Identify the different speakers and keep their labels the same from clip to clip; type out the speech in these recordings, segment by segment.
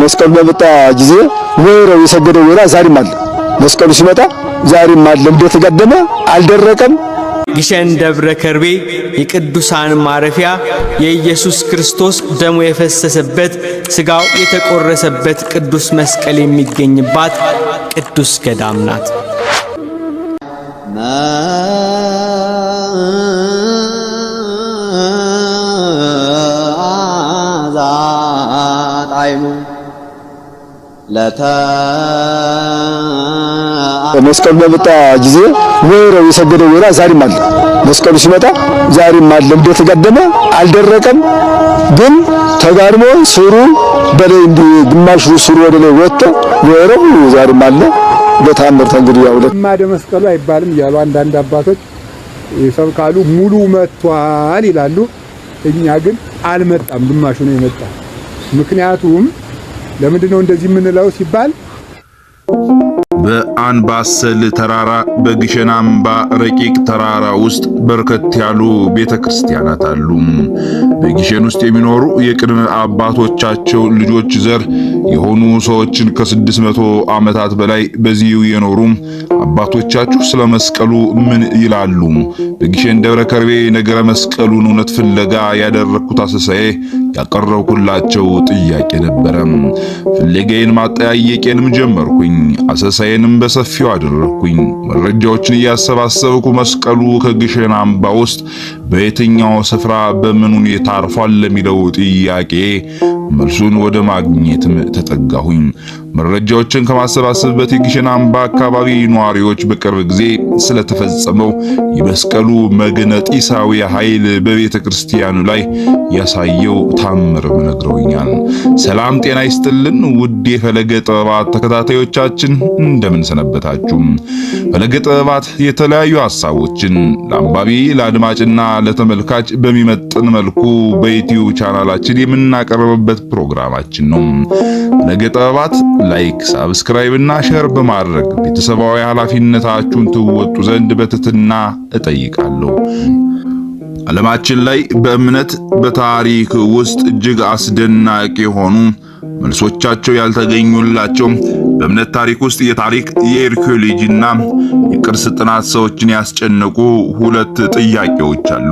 Speaker 1: መስቀሉ በመጣ ጊዜ ወይራው የሰገደው ወይራ ዛሬም አለ። መስቀሉ ሲመጣ ዛሬም አለ፣ እንደተጋደመ አልደረቀም።
Speaker 2: ግሸን ደብረ ከርቤ የቅዱሳን ማረፊያ የኢየሱስ ክርስቶስ ደሙ የፈሰሰበት ስጋው የተቆረሰበት ቅዱስ መስቀል የሚገኝባት ቅዱስ ገዳም ናት።
Speaker 1: ጣዕሙ መስቀሉ በመጣ ጊዜ ወይረው የሰገደው ወይራ ዛሬም አለ። መስቀሉ ሲመጣ ዛሬም አለ። እንደተጋደመ አልደረቀም፣ ግን ተጋድሞ ስሩ በላይ እንዲ ግማሽ ስሩ ወደ ላይ ወጥቶ ወይረው ዛሬም አለ። በታምር ተንግዲህ ያው
Speaker 3: ለማደ መስቀሉ አይባልም እያሉ አንዳንድ አባቶች ይሰብካሉ። ሙሉ መጥቷል ይላሉ። እኛ ግን አልመጣም፣ ግማሹ ነው የመጣ ምክንያቱም ለምንድነው እንደዚህ የምንለው ሲባል
Speaker 4: በአንባሰል ተራራ በግሸን አምባ ረቂቅ ተራራ ውስጥ በርከት ያሉ ቤተ ክርስቲያናት አሉ። በግሸን ውስጥ የሚኖሩ የቅድመ አባቶቻቸው ልጆች ዘር የሆኑ ሰዎችን ከ600 ዓመታት በላይ በዚሁ የኖሩ አባቶቻችሁ ስለ መስቀሉ ምን ይላሉ? በግሸን ደብረ ከርቤ ነገረ መስቀሉን እውነት ፍለጋ ያደረግኩት አሰሳዬ ያቀረብኩላቸው ጥያቄ ነበረ። ፍለጋዬን ማጠያየቄንም ጀመርኩኝ። አሰሳዬንም በሰፊው አደረግኩኝ። መረጃዎችን እያሰባሰብኩ መስቀሉ ከግሸን አምባ ውስጥ በየትኛው ስፍራ በምን ሁኔታ አርፏል ለሚለው ጥያቄ መልሱን ወደ ማግኘትም ተጠጋሁኝ። መረጃዎችን ከማሰባሰብበት በቴክሽን አምባ አካባቢ ነዋሪዎች በቅርብ ጊዜ ስለተፈጸመው የመስቀሉ መግነጢሳዊ ኃይል በቤተ ክርስቲያኑ ላይ ያሳየው ታምርም ነግረውኛል። ሰላም ጤና ይስጥልን ውድ የፈለገ ጥበባት ተከታታዮቻችን እንደምን ሰነበታችሁ? ፈለገ ጥበባት የተለያዩ ሀሳቦችን ለአንባቢ ለአድማጭና ለተመልካች በሚመጥን መልኩ በዩትዩብ ቻናላችን የምናቀርብበት ፕሮግራማችን ነው። ፈለገ ጥበባት ላይክ፣ ሳብስክራይብ እና ሼር በማድረግ ቤተሰባዊ ኃላፊነታችሁን ትወጡ ዘንድ በትህትና እጠይቃለሁ። ዓለማችን ላይ በእምነት በታሪክ ውስጥ እጅግ አስደናቂ የሆኑ መልሶቻቸው ያልተገኙላቸው በእምነት ታሪክ ውስጥ የታሪክ የአርኪኦሎጂና የቅርስ ጥናት ሰዎችን ያስጨነቁ ሁለት ጥያቄዎች አሉ።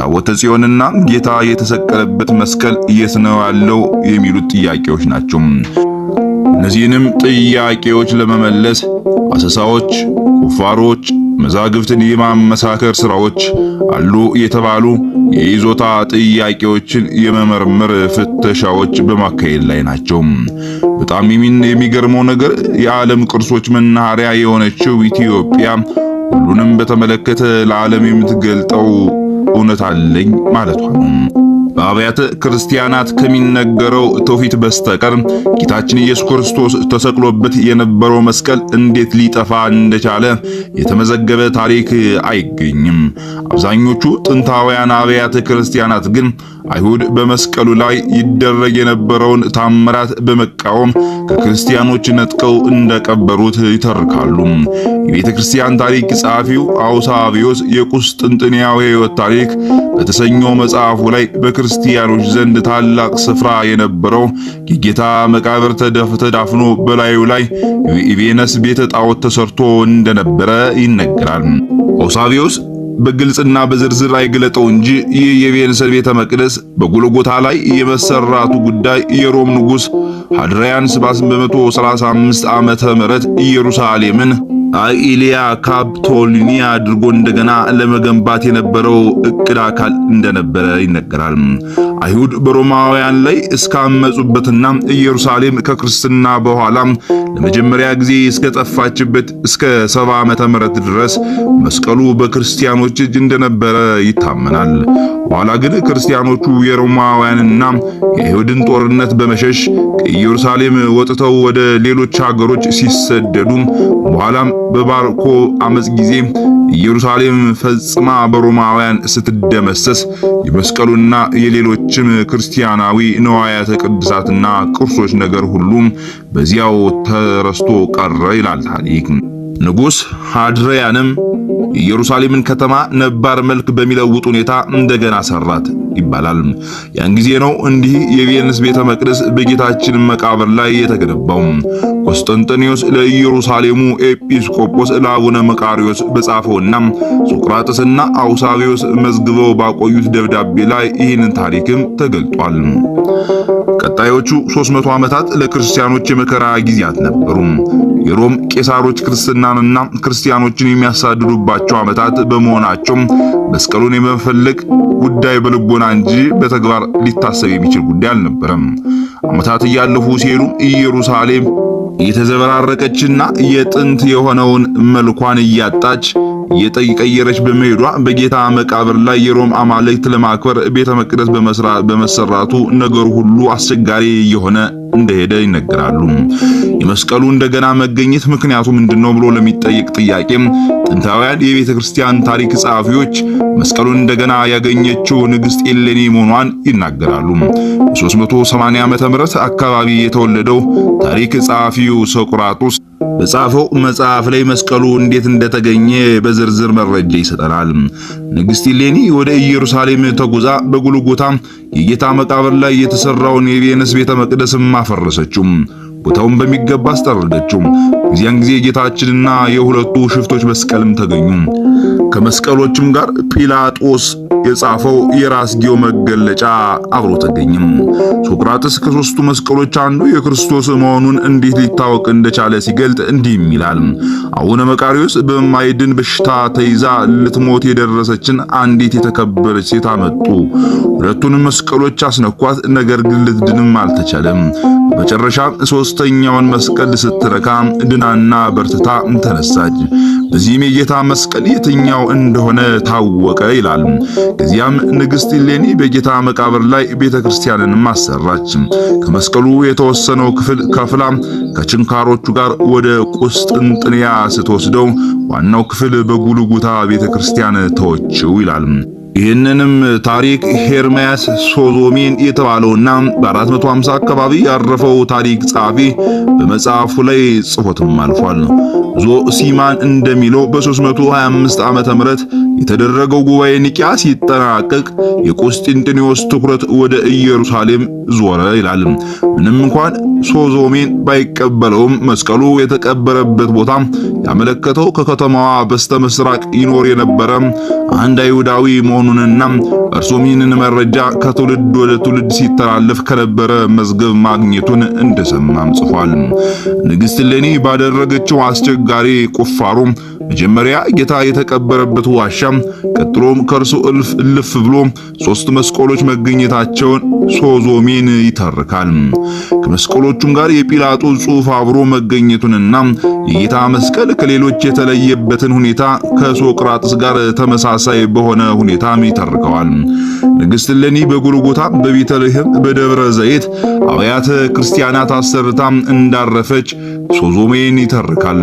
Speaker 4: ታቦተ ጽዮንና ጌታ የተሰቀለበት መስቀል የት ነው ያለው? የሚሉት ጥያቄዎች ናቸው። እነዚህንም ጥያቄዎች ለመመለስ አሰሳዎች፣ ቁፋሮች፣ መዛግብትን የማመሳከር ስራዎች አሉ የተባሉ የይዞታ ጥያቄዎችን የመመርመር ፍተሻዎች በማካሄድ ላይ ናቸው። በጣም የሚገርመው ነገር የዓለም ቅርሶች መናኸሪያ የሆነችው ኢትዮጵያ ሁሉንም በተመለከተ ለዓለም የምትገልጠው እውነት አለኝ ማለቷ ነው። በአብያተ ክርስቲያናት ከሚነገረው ትውፊት በስተቀር ጌታችን ኢየሱስ ክርስቶስ ተሰቅሎበት የነበረው መስቀል እንዴት ሊጠፋ እንደቻለ የተመዘገበ ታሪክ አይገኝም። አብዛኞቹ ጥንታውያን አብያተ ክርስቲያናት ግን አይሁድ በመስቀሉ ላይ ይደረግ የነበረውን ታምራት በመቃወም ከክርስቲያኖች ነጥቀው እንደቀበሩት ይተርካሉ። የቤተ ክርስቲያን ታሪክ ጸሐፊው አውሳቢዮስ የቁስጥንጥንያዊ ሕይወት ታሪክ በተሰኘው መጽሐፉ ላይ በክርስቲያን ክርስቲያኖች ዘንድ ታላቅ ስፍራ የነበረው የጌታ መቃብር ተዳፍኖ በላዩ ላይ የቬነስ ቤተ ጣዖት ተሰርቶ እንደነበረ ይነገራል። ኦሳቪዮስ በግልጽና በዝርዝር አይገለጠው እንጂ ይህ የቬንስ ቤተ መቅደስ በጎልጎታ ላይ የመሰራቱ ጉዳይ የሮም ንጉሥ ሐድሪያን በመቶ 35 ዓመተ ምህረት ኢየሩሳሌምን አኢሊያ ካፕቶሊኒያ አድርጎ እንደገና ለመገንባት የነበረው እቅድ አካል እንደነበረ ይነገራል። አይሁድ በሮማውያን ላይ እስካመጹበትና ኢየሩሳሌም ከክርስትና በኋላ ለመጀመሪያ ጊዜ እስከጠፋችበት እስከ ሰባ ዓመተ ምህረት ድረስ መስቀሉ በክርስቲያኖች እጅ እንደነበረ ይታመናል። በኋላ ግን ክርስቲያኖቹ የሮማውያንና የአይሁድን ጦርነት በመሸሽ ከኢየሩሳሌም ወጥተው ወደ ሌሎች ሀገሮች ሲሰደዱ በኋላም በባርኮ አመጽ ጊዜ ኢየሩሳሌም ፈጽማ በሮማውያን ስትደመሰስ የመስቀሉና የሌሎች ሌሎችም ክርስቲያናዊ ንዋያተ ቅድሳትና ቅርሶች ነገር ሁሉም በዚያው ተረስቶ ቀረ ይላል ታሪክ። ንጉሥ ሃድሪያንም ኢየሩሳሌምን ከተማ ነባር መልክ በሚለውጥ ሁኔታ እንደገና ሰራት ይባላል። ያን ጊዜ ነው እንዲህ የቬንስ ቤተ መቅደስ በጌታችን መቃብር ላይ የተገነባው። ቆስጠንጢኖስ ለኢየሩሳሌሙ ኤጲስቆጶስ ለአቡነ መቃሪዎስ በጻፈውና ሶቅራጥስና አውሳቢዎስ መዝግበው ባቆዩት ደብዳቤ ላይ ይህንን ታሪክም ተገልጧል። ቀጣዮቹ 300 ዓመታት ለክርስቲያኖች የመከራ ጊዜያት ነበሩ። የሮም ቄሳሮች ክርስትናንና ክርስቲያኖችን የሚያሳድዱባቸው ዓመታት በመሆናቸው መስቀሉን የመፈለግ ጉዳይ በልቦና እንጂ በተግባር ሊታሰብ የሚችል ጉዳይ አልነበረም። ዓመታት እያለፉ ሲሄዱ ኢየሩሳሌም እየተዘበራረቀችና የጥንት የሆነውን መልኳን እያጣች እየቀየረች በመሄዷ በጌታ መቃብር ላይ የሮም አማልክት ለማክበር ቤተ መቅደስ በመሰራቱ ነገሩ ሁሉ አስቸጋሪ የሆነ እንደሄደ ይነገራሉ። የመስቀሉ እንደገና መገኘት ምክንያቱ ምንድነው ብሎ ለሚጠየቅ ጥያቄም ጥንታውያን የቤተ ክርስቲያን ታሪክ ጸሐፊዎች መስቀሉን እንደገና ያገኘችው ንግሥት ኤሌኒ መሆኗን ይናገራሉ። በ380 ዓመተ ምህረት አካባቢ የተወለደው ታሪክ ጸሐፊው ሶቅራጦስ በጻፈው መጽሐፍ ላይ መስቀሉ እንዴት እንደተገኘ በዝርዝር መረጃ ይሰጠናል። ንግሥት ሌኒ ወደ ኢየሩሳሌም ተጉዛ በጎልጎታ የጌታ መቃብር ላይ የተሰራውን የቬነስ ቤተ መቅደስም አፈረሰችው። ቦታውን በሚገባ አስጠረገችው። እዚያን ጊዜ ጌታችንና የሁለቱ ሽፍቶች መስቀልም ተገኙ። ከመስቀሎችም ጋር ጲላጦስ የጻፈው የራስጌው መገለጫ አብሮ ተገኝም። ሶቅራጥስ ከሦስቱ መስቀሎች አንዱ የክርስቶስ መሆኑን እንዴት ሊታወቅ እንደቻለ ሲገልጥ እንዲህም ይላል። አቡነ መቃሪዎስ በማይድን በሽታ ተይዛ ልትሞት የደረሰችን አንዲት የተከበረች ሴት አመጡ። ሁለቱንም መስቀሎች አስነኳት፣ ነገር ግን ልትድንም አልተቻለም። በመጨረሻ ሦስተኛውን መስቀል ስትነካ አድናና በርትታ ተነሳች። በዚህም የጌታ መስቀል የትኛው እንደሆነ ታወቀ ይላል። ከዚያም ንግሥት ሌኒ በጌታ መቃብር ላይ ቤተ ክርስቲያንን አሰራች። ከመስቀሉ የተወሰነው ክፍል ከፍላ ከችንካሮቹ ጋር ወደ ቁስጥንጥንያ ስትወስደው ዋናው ክፍል በጉልጉታ ቤተ ክርስቲያን ተወችው ይላል። ይህንንም ታሪክ ሄርሜያስ ሶዞሜን የተባለውና በ450 አካባቢ ያረፈው ታሪክ ጸሐፊ በመጽሐፉ ላይ ጽፎትም አልፏል ነው። ዞሲማን እንደሚለው በ325 ዓመተ ምህረት የተደረገው ጉባኤ ኒቂያ ሲጠናቀቅ የቆስጢንጥኒዎስ ትኩረት ወደ ኢየሩሳሌም ዞረ ይላል። ምንም እንኳን ሶዞሜን ባይቀበለውም መስቀሉ የተቀበረበት ቦታ ያመለከተው ከከተማዋ በስተምስራቅ ይኖር የነበረ አንድ አይሁዳዊ መሆኑ መሆኑንና እርሱም ይህንን መረጃ ከትውልድ ወደ ትውልድ ሲተላለፍ ከነበረ መዝገብ ማግኘቱን እንደሰማም ጽፏል። ንግሥት ሌኒ ባደረገችው አስቸጋሪ ቁፋሮ መጀመሪያ ጌታ የተቀበረበት ዋሻ፣ ቀጥሎም ከእርሱ እልፍ እልፍ ብሎ ሶስት መስቀሎች መገኘታቸውን ሶዞሜን ይተርካል። ከመስቀሎቹም ጋር የጲላጦ ጽሑፍ አብሮ መገኘቱንና የጌታ መስቀል ከሌሎች የተለየበትን ሁኔታ ከሶቅራጥስ ጋር ተመሳሳይ በሆነ ሁኔታ በድካም ተርከዋል። ንግሥት እሌኒ በጎልጎታ በቤተልሔም፣ በደብረ ዘይት አብያተ ክርስቲያናት አሰርታም እንዳረፈች ሶዞሜን ይተርካል።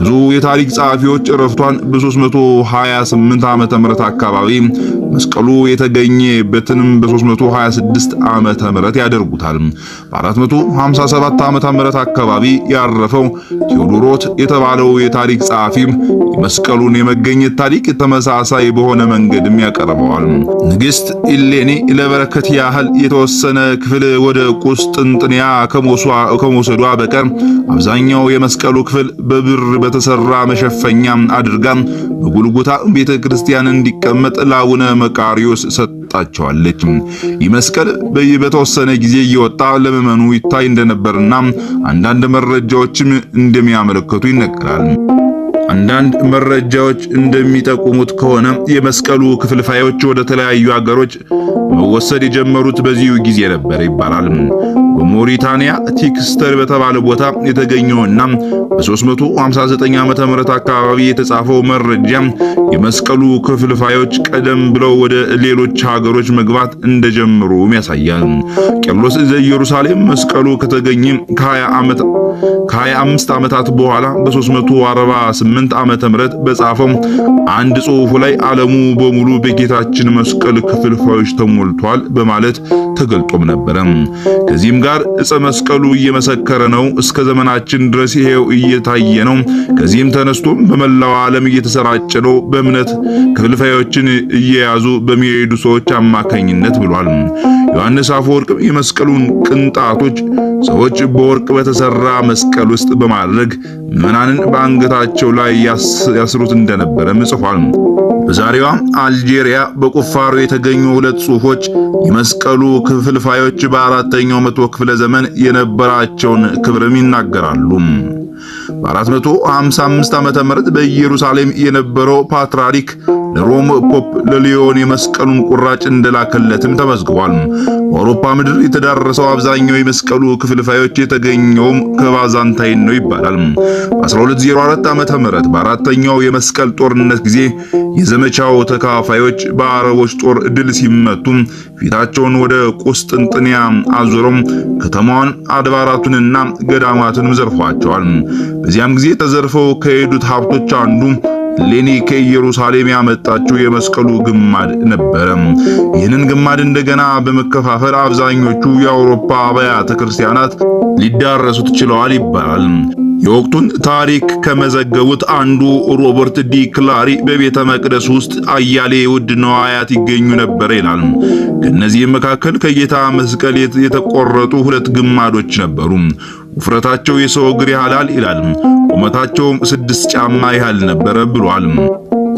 Speaker 4: ብዙ የታሪክ ጸሐፊዎች እረፍቷን በ328 ዓመተ ምህረት አካባቢ መስቀሉ የተገኘበትንም በ326 ዓመተ ምህረት ያደርጉታል። በ457 ዓመተ ምህረት አካባቢ ያረፈው ቴዎዶሮት የተባለው የታሪክ ጸሐፊ የመስቀሉን የመገኘት ታሪክ ተመሳሳይ በሆነ መንገድም ያቀርበዋል። ንግሥት ኢሌኒ ለበረከት ያህል የተወሰነ ክፍል ወደ ቁስጥንጥንያ ከመውሰዷ በቀር አብዛኛው በታችኛው የመስቀሉ ክፍል በብር በተሰራ መሸፈኛ አድርጋ በጉልጉታ ቤተ ክርስቲያን እንዲቀመጥ ለአቡነ መቃሪዮስ ሰጣቸዋለች። ይህ መስቀል በተወሰነ ጊዜ እየወጣ ለምዕመኑ ይታይ እንደነበርና አንዳንድ መረጃዎችም እንደሚያመለክቱ ይነገራል። አንዳንድ መረጃዎች እንደሚጠቁሙት ከሆነ የመስቀሉ ክፍልፋዮች ወደ ተለያዩ አገሮች መወሰድ የጀመሩት በዚሁ ጊዜ ነበር ይባላል። ሞሪታንያ ቲክስተር በተባለ ቦታ የተገኘውና በ359 ዓመተ ምህረት አካባቢ የተጻፈው መረጃ የመስቀሉ ክፍልፋዮች ቀደም ብለው ወደ ሌሎች ሀገሮች መግባት እንደጀመሩም ያሳያል። ቄርሎስ ዘኢየሩሳሌም መስቀሉ ከተገኘ ከ25 ዓመታት በኋላ በ348 ዓመተ ምህረት በጻፈው አንድ ጽሑፉ ላይ ዓለሙ በሙሉ በጌታችን መስቀል ክፍልፋዮች ተሞልቷል በማለት ተገልጦም ነበረ። ከዚህም ጋር እጸ መስቀሉ እየመሰከረ ነው፣ እስከ ዘመናችን ድረስ ይሄው እየታየ ነው። ከዚህም ተነስቶም በመላው ዓለም እየተሰራጨ ነው፣ በእምነት ክፍልፋዮችን እየያዙ በሚሄዱ ሰዎች አማካኝነት ብሏል። ዮሐንስ አፈወርቅም የመስቀሉን ቅንጣቶች ሰዎች በወርቅ በተሰራ መስቀል ውስጥ በማድረግ ምዕመናንን በአንገታቸው ላይ ያስሩት እንደነበረም ጽፏል። በዛሬዋ አልጄሪያ በቁፋሮ የተገኙ ሁለት ጽሑፎች የመስቀሉ ክፍልፋዮች በአራተኛው መቶ ክፍለ ዘመን የነበራቸውን ክብርም ይናገራሉ። በ455 ዓመተ ምህረት በኢየሩሳሌም የነበረው ፓትርያርክ ለሮም ፖፕ ለሊዮን የመስቀሉን ቁራጭ እንደላከለትም ተመዝግቧል። በአውሮፓ ምድር የተዳረሰው አብዛኛው የመስቀሉ ክፍልፋዮች የተገኘውም ከባዛንታይን ነው ይባላል። በ1204 ዓመተ ምህረት በአራተኛው የመስቀል ጦርነት ጊዜ የዘመቻው ተካፋዮች በአረቦች ጦር ድል ሲመቱ ፊታቸውን ወደ ቁስጥንጥንያ አዞረው ከተማዋን፣ አድባራቱንና ገዳማትንም ዘርፏቸዋል። በዚያም ጊዜ ተዘርፈው ከሄዱት ሀብቶች አንዱ ሌኒ ከኢየሩሳሌም ያመጣችው የመስቀሉ ግማድ ነበረ። ይህንን ግማድ እንደገና በመከፋፈል አብዛኞቹ የአውሮፓ አብያተ ክርስቲያናት ሊዳረሱት ችለዋል ይባላል። የወቅቱን ታሪክ ከመዘገቡት አንዱ ሮበርት ዲ ክላሪ በቤተ መቅደስ ውስጥ አያሌ ውድ ነዋያት ይገኙ ነበር ይላል። ከእነዚህም መካከል ከጌታ መስቀል የተቆረጡ ሁለት ግማዶች ነበሩ። ውፍረታቸው የሰው እግር ያህላል ይላል። ቁመታቸውም ስድስት ጫማ ያህል ነበረ ብሏል።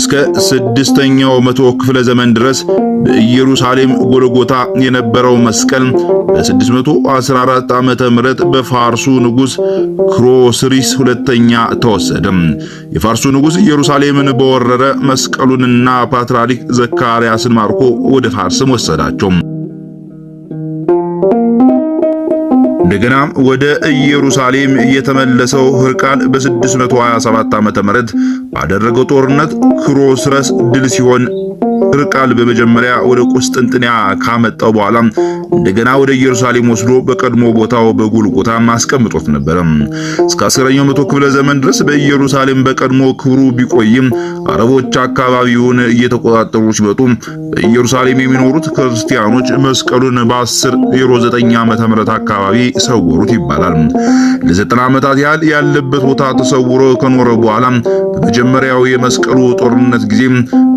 Speaker 4: እስከ ስድስተኛው መቶ ክፍለ ዘመን ድረስ በኢየሩሳሌም ጎልጎታ የነበረው መስቀል በ614 ዓመተ ምህረት በፋርሱ ንጉስ ክሮስሪስ ሁለተኛ ተወሰደ። የፋርሱ ንጉስ ኢየሩሳሌምን በወረረ መስቀሉንና ፓትርያርክ ዘካርያስን ማርኮ ወደ ፋርስም ወሰዳቸው። እንደገና ወደ ኢየሩሳሌም የተመለሰው ሕርቃል በ627 ዓ.ም ባደረገው ጦርነት ክሮስረስ ድል ሲሆን ቃል በመጀመሪያ ወደ ቁስጥንጥንያ ካመጣው በኋላ እንደገና ወደ ኢየሩሳሌም ወስዶ በቀድሞ ቦታው በጎልጎታ አስቀምጦት ነበረ። እስከ አስረኛው መቶ ክፍለ ዘመን ድረስ በኢየሩሳሌም በቀድሞ ክብሩ ቢቆይም አረቦች አካባቢውን እየተቆጣጠሩ ሲመጡ በኢየሩሳሌም የሚኖሩት ክርስቲያኖች መስቀሉን በ10 09 ዓመተ ምህረት አካባቢ ሰወሩት ይባላል። ዓመታት ያህል ያለበት ቦታ ተሰውሮ ከኖረ በኋላ በመጀመሪያው የመስቀሉ ጦርነት ጊዜ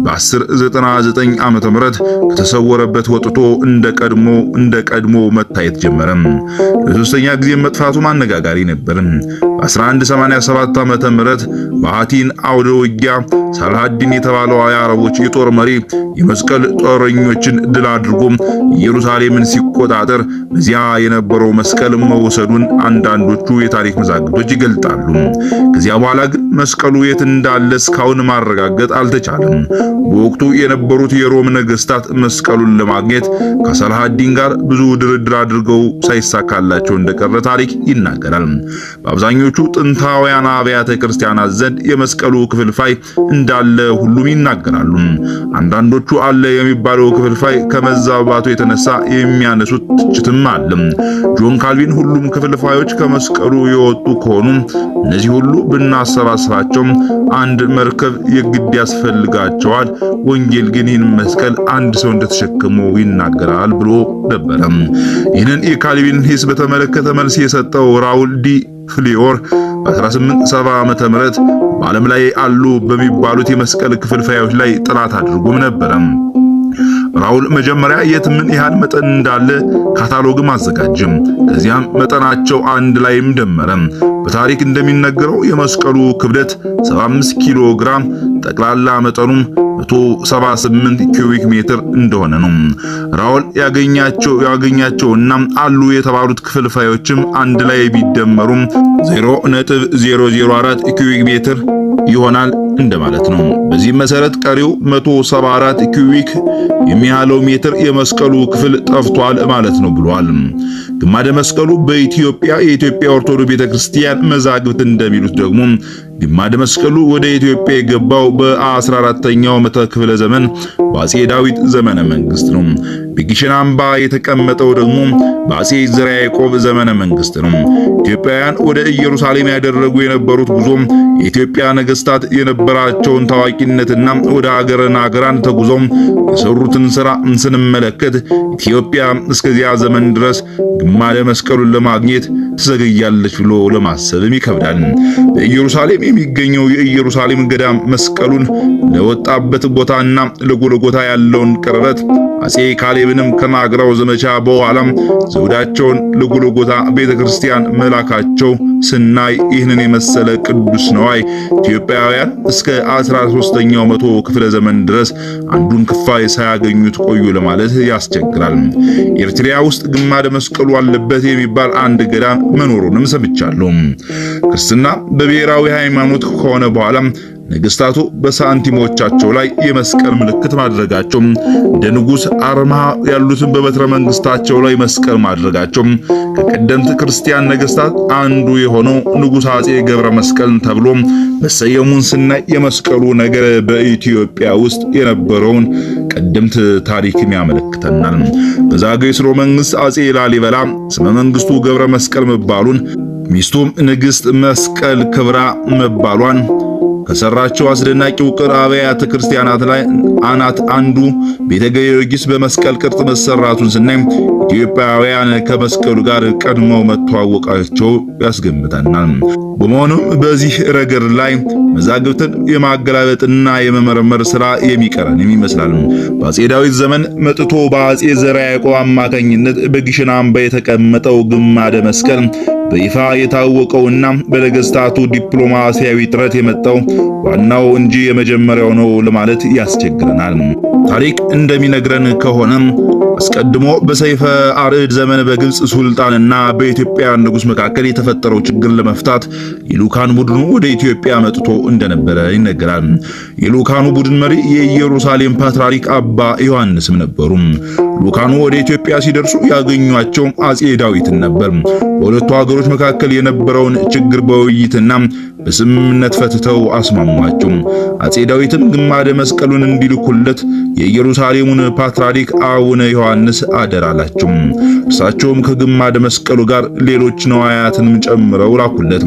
Speaker 4: በ10 በ1999 ዓ.ም ከተሰወረበት ወጥቶ እንደ ቀድሞ እንደ ቀድሞ መታየት ጀመረ። ለሶስተኛ ጊዜ መጥፋቱ አነጋጋሪ ነበር። በ1187 ዓ.ም በሃቲን አውደ ውጊያ ሳልሃዲን የተባለው የአረቦች የጦር መሪ የመስቀል ጦረኞችን ድል አድርጎ ኢየሩሳሌምን ሲቆጣጠር በዚያ የነበረው መስቀል መወሰዱን አንዳንዶቹ የታሪክ መዛግብቶች ይገልጣሉ። ከዚያ በኋላ ግን መስቀሉ የት እንዳለ እስካሁን ማረጋገጥ አልተቻለም። በወቅቱ የነበሩት የሮም ነገስታት መስቀሉን ለማግኘት ከሰላሃዲን ጋር ብዙ ድርድር አድርገው ሳይሳካላቸው እንደቀረ ታሪክ ይናገራል። በአብዛኞቹ ጥንታውያን አብያተ ክርስቲያናት ዘንድ የመስቀሉ ክፍልፋይ እንዳለ ሁሉም ይናገራሉ። አንዳንዶቹ አለ የሚባለው ክፍልፋይ ከመዛባቱ የተነሳ የሚያነሱት ትችትም አለ። ጆን ካልቪን ሁሉም ክፍልፋዮች ከመስቀሉ የወጡ ከሆኑ እነዚህ ሁሉ ብናሰባ ስራቸውም አንድ መርከብ የግድ ያስፈልጋቸዋል። ወንጌል ግን ይህን መስቀል አንድ ሰው እንደተሸክሞ ይናገራል ብሎ ነበረም። ይህንን የካልቪን ሂስ በተመለከተ መልስ የሰጠው ራውል ዲ ፍሊዮር በ1870 ዓመተ ም በዓለም ላይ አሉ በሚባሉት የመስቀል ክፍልፋዮች ላይ ጥናት አድርጎም ነበረም። ራውል መጀመሪያ የት ምን ያህል መጠን እንዳለ ካታሎግም አዘጋጅም። ከዚያም መጠናቸው አንድ ላይም ደመረም። በታሪክ እንደሚነገረው የመስቀሉ ክብደት 75 ኪሎ ግራም፣ ጠቅላላ መጠኑም 178 ኪዩቢክ ሜትር እንደሆነ ነው። ራውል ያገኛቸው ያገኛቸውና አሉ የተባሉት ክፍልፋዮችም አንድ ላይ ቢደመሩ 0.004 ኪዩቢክ ሜትር ይሆናል እንደማለት ነው። በዚህ መሰረት ቀሪው 174 ኪዩቢክ የሚያለው ሜትር የመስቀሉ ክፍል ጠፍቷል ማለት ነው ብሏል። ግማደ መስቀሉ በኢትዮጵያ የኢትዮጵያ ኦርቶዶክስ ቤተክርስቲያን መዛግብት እንደሚሉት ደግሞ ግማደ መስቀሉ ወደ ኢትዮጵያ የገባው በ14ኛው መቶ ክፍለ ዘመን በአጼ ዳዊት ዘመነ መንግስት ነው። በግሸን አምባ የተቀመጠው ደግሞ በአጼ ዘርዓ ያዕቆብ ዘመነ መንግስት ነው። ኢትዮጵያውያን ወደ ኢየሩሳሌም ያደረጉ የነበሩት ጉዞ የኢትዮጵያ ነገስታት የነበራቸውን ታዋቂነትና ወደ አገረ አገራን ተጉዞ የሰሩትን ስራ ስንመለከት ኢትዮጵያ እስከዚያ ዘመን ድረስ ግማደ መስቀሉን ለማግኘት ትዘገያለች ብሎ ለማሰብም ይከብዳል። በኢየሩሳሌም የሚገኘው የኢየሩሳሌም ገዳም መስቀሉን ለወጣበት ቦታና ለጎልጎታ ያለውን ቅርበት አጼ ካሌብንም ከማግራው ዘመቻ በኋላም ዘውዳቸውን ለጎልጎታ ቤተክርስቲያን መላካቸው ስናይ ይህንን የመሰለ ቅዱስ ነዋይ ኢትዮጵያውያን እስከ 13ኛው መቶ ክፍለ ዘመን ድረስ አንዱን ክፋይ ሳያገኙት ቆዩ ለማለት ያስቸግራል። ኤርትሪያ ውስጥ ግማደ መስቀሉ አለበት የሚባል አንድ ገዳም መኖሩንም ሰምቻለሁ። ክርስትና በብሔራዊ ሃይማኖት ሃይማኖት ከሆነ በኋላ ነገስታቱ በሳንቲሞቻቸው ላይ የመስቀል ምልክት ማድረጋቸው፣ እንደ ንጉሥ አርማ ያሉትን በበትረ መንግስታቸው ላይ መስቀል ማድረጋቸው ከቀደምት ክርስቲያን ነገስታት አንዱ የሆነው ንጉሥ አጼ ገብረ መስቀል ተብሎ መሰየሙን ስናይ የመስቀሉ ነገር በኢትዮጵያ ውስጥ የነበረውን ቀደምት ታሪክም ያመለክተናል። በዛግዌ ሥርወ መንግሥት አጼ ላሊበላ ስመ መንግስቱ ገብረ መስቀል መባሉን ሚስቱም ንግሥት መስቀል ክብራ መባሏን ከሰራቸው አስደናቂ ውቅር አብያተ ክርስቲያናት ላይ አናት አንዱ ቤተ ጊዮርጊስ በመስቀል ቅርጽ መሰራቱን ስናይ ኢትዮጵያውያን ከመስቀሉ ጋር ቀድመው መተዋወቃቸው ያስገምተናል። በመሆኑም በዚህ ረገድ ላይ መዛግብትን የማገላበጥና የመመርመር ስራ የሚቀረን ይመስላል። በአጼ ዳዊት ዘመን መጥቶ በአጼ ዘርዓ ያዕቆብ አማካኝነት በግሽን አምባ የተቀመጠው ግማደ መስቀል በይፋ የታወቀውና በነገስታቱ ዲፕሎማሲያዊ ጥረት የመጣው ዋናው እንጂ የመጀመሪያው ነው ለማለት ያስቸግረናል። ታሪክ እንደሚነግረን ከሆነ አስቀድሞ በሰይፈ አርዕድ ዘመን በግብፅ ሱልጣንና በኢትዮጵያ ንጉሥ መካከል የተፈጠረው ችግር ለመፍታት የልዑካን ቡድኑ ወደ ኢትዮጵያ መጥቶ እንደነበረ ይነገራል። የሉካኑ ቡድን መሪ የኢየሩሳሌም ፓትርያርክ አባ ዮሐንስም ነበሩ። ሉካኑ ወደ ኢትዮጵያ ሲደርሱ ያገኟቸውም አጼ ዳዊትን ነበር። በሁለቱ ሀገሮች መካከል የነበረውን ችግር በውይይትና በስምምነት ፈትተው አስማሟቸው። አጼ ዳዊትም ግማደ መስቀሉን እንዲልኩለት የኢየሩሳሌሙን ፓትርያርክ አቡነ ዮሐንስ አደራ አላቸው። እርሳቸውም ከግማደ መስቀሉ ጋር ሌሎች ነዋያትን ጨምረው ላኩለት።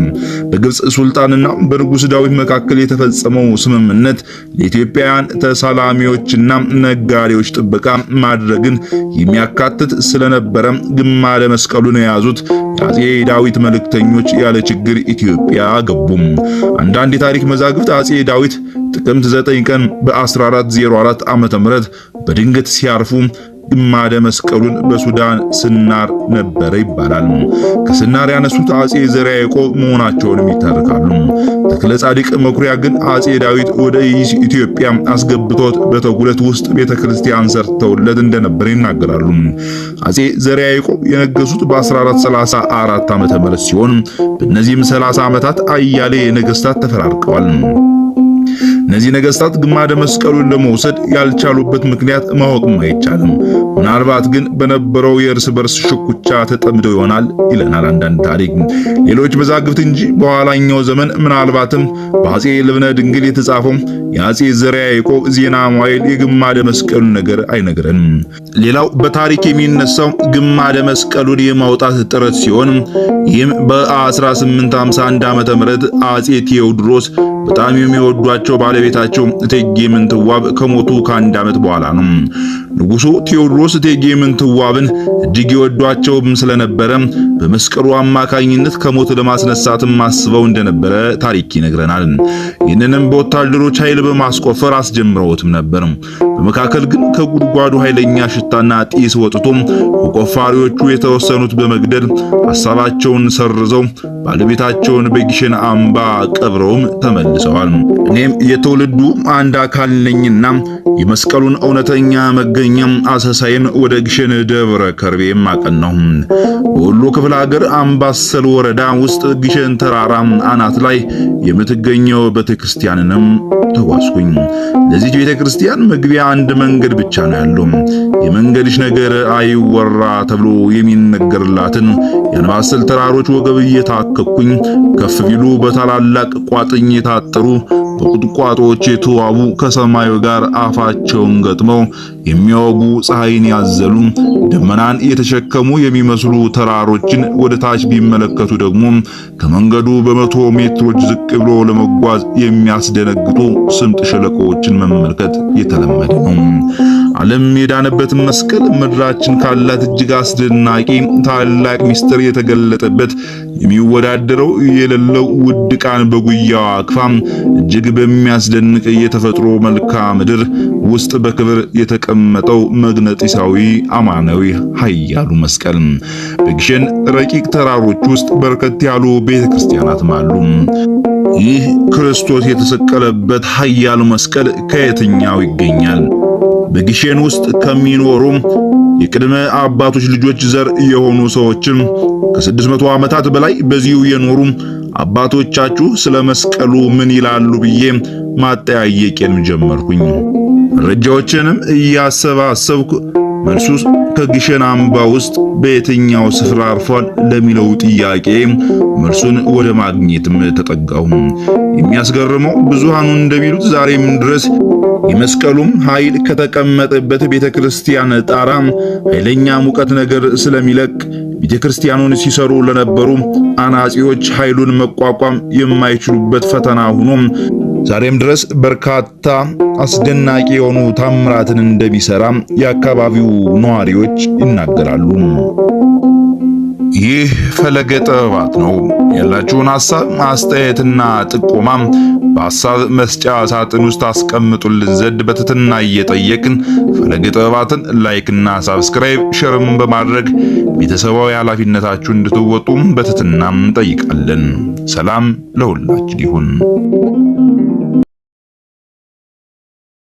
Speaker 4: በግብጽ ሱልጣንና በንጉሥ ዳዊት መካከል የተፈጸመው ስምምነት ለኢትዮጵያውያን ተሳላሚዎችና ነጋዴዎች ጥበቃ ማድረግን የሚያካትት ስለነበረ ግማደ መስቀሉን የያዙት የአጼ ዳዊት መልእክተኞች ያለ ችግር ኢትዮጵያ ገቡም። አንዳንድ የታሪክ መዛግብት አጼ ዳዊት ጥቅምት 9 ቀን በ1404 ዓመተ በድንገት ሲያርፉ ግማደ መስቀሉን በሱዳን ስናር ነበረ ይባላል። ከስናር ያነሱት አጼ ዘርዓ ያዕቆብ መሆናቸውንም ይታርካሉ። ተክለ ጻድቅ መኩሪያ ግን አጼ ዳዊት ወደ ኢትዮጵያ አስገብቶት በተጉለት ውስጥ ቤተክርስቲያን ሰርተውለት እንደነበር ይናገራሉ። አጼ ዘርዓ ያዕቆብ የነገሱት በ1434 ዓመተ ምህረት ሲሆን በእነዚህም 30 ዓመታት አያሌ ነገስታት ተፈራርቀዋል። እነዚህ ነገስታት ግማደ መስቀሉን ለመውሰድ ያልቻሉበት ምክንያት ማወቅም አይቻልም። ምናልባት ግን በነበረው የእርስ በርስ ሽኩቻ ተጠምደው ይሆናል ይለናል አንዳንድ ታሪክ። ሌሎች መዛግብት እንጂ በኋላኛው ዘመን ምናልባትም በአጼ ልብነ ድንግል የተጻፈው የአጼ ዘርዓ ያዕቆብ ዜና መዋዕል የግማደ መስቀሉን ነገር አይነግረንም። ሌላው በታሪክ የሚነሳው ግማደ መስቀሉን የማውጣት ጥረት ሲሆን ይህም በ1851 ዓ.ም አጼ ቴዎድሮስ በጣም የሚወዷቸው ባለቤታቸው እቴጌ ምንትዋብ ከሞቱ ከአንድ ዓመት በኋላ ነው። ንጉሱ ቴዎድሮስ እቴጌ ምንትዋብን እጅግ የወዷቸውም ስለነበረ በመስቀሉ አማካኝነት ከሞት ለማስነሳትም አስበው እንደነበረ ታሪክ ይነግረናል። ይህንንም በወታደሮች ኃይል በማስቆፈር አስጀምረውትም ነበር። በመካከል ግን ከጉድጓዱ ኃይለኛ ሽታና ጢስ ወጥቶ ቆፋሪዎቹ የተወሰኑት በመግደል ሐሳባቸውን ሰርዘው ባለቤታቸውን በግሽን አምባ ቀብረውም ተመልሰዋል። እኔም የትውልዱ አንድ አካል ነኝና የመስቀሉን እውነተኛ መገኛ አሰሳይን ወደ ግሸን ደብረ ከርቤም አቀናሁ። በወሎ ክፍለ ሀገር አምባሰል ወረዳ ውስጥ ግሸን ተራራ አናት ላይ የምትገኘው ቤተክርስቲያንንም ተጓዝኩኝ። ለዚህ ቤተክርስቲያን መግቢያ አንድ መንገድ ብቻ ነው ያለው። የመንገድሽ ነገር አይወራ ተብሎ የሚነገርላትን የአንባሰል ተራሮች ወገብ እየታከኩኝ ከፍ ቢሉ በታላላቅ ቋጥኝ የታጠሩ በቁጥቋጦዎች የተዋቡ ከሰማዩ ጋር አፋቸውን ገጥመው የሚያወጉ ፀሐይን ያዘሉ ደመናን የተሸከሙ የሚመስሉ ተራሮችን ወደ ታች ቢመለከቱ ደግሞ ከመንገዱ በመቶ ሜትሮች ዝቅ ብሎ ለመጓዝ የሚያስደነግጡ ስምጥ ሸለቆዎችን መመልከት የተለመደ ነው። ዓለም የዳነበትን መስቀል ምድራችን ካላት እጅግ አስደናቂ ታላቅ ሚስጥር የተገለጠበት የሚወዳደረው የሌለው ውድ ቃን በጉያዋ አክፋ እጅግ በሚያስደንቅ የተፈጥሮ መልክዓ ምድር ውስጥ በክብር የተቀ የተቀመጠው መግነጢሳዊ አማናዊ ኃያሉ መስቀል። በግሸን ረቂቅ ተራሮች ውስጥ በርከት ያሉ ቤተ ክርስቲያናትም አሉ። ይህ ክርስቶስ የተሰቀለበት ኃያሉ መስቀል ከየትኛው ይገኛል? በግሸን ውስጥ ከሚኖሩ የቅድመ አባቶች ልጆች ዘር የሆኑ ሰዎችም ከ መቶ ዓመታት በላይ በዚሁ የኖሩ አባቶቻችሁ ስለ መስቀሉ ምን ይላሉ ብዬ ማጠያየቄን ጀመርኩኝ። መረጃዎችንም እያሰባሰብኩ መልሱ ከግሸን አምባ ውስጥ በየትኛው ስፍራ አርፏል ለሚለው ጥያቄ መልሱን ወደ ማግኘትም ተጠጋሁ። የሚያስገርመው ብዙሃኑ እንደሚሉት ዛሬም ድረስ የመስቀሉም ኃይል ከተቀመጠበት ቤተ ክርስቲያን ጣራ ኃይለኛ ሙቀት ነገር ስለሚለቅ ቤተ ክርስቲያኑን ሲሰሩ ለነበሩ አናጺዎች ኃይሉን መቋቋም የማይችሉበት ፈተና ሆኖ ዛሬም ድረስ በርካታ አስደናቂ የሆኑ ታምራትን እንደሚሰራ የአካባቢው ነዋሪዎች ይናገራሉ። ይህ ፈለገ ጥበባት ነው። ያላችሁን ሐሳብ፣ አስተያየትና ጥቆማ በሐሳብ መስጫ ሳጥን ውስጥ አስቀምጡልን ዘንድ በትህትና እየጠየቅን ፈለገ ጥበባትን ላይክና ሳብስክራይብ ሸርም በማድረግ ቤተሰባዊ ኃላፊነታችሁን እንድትወጡም በትህትና እንጠይቃለን። ሰላም ለሁላችን ይሁን።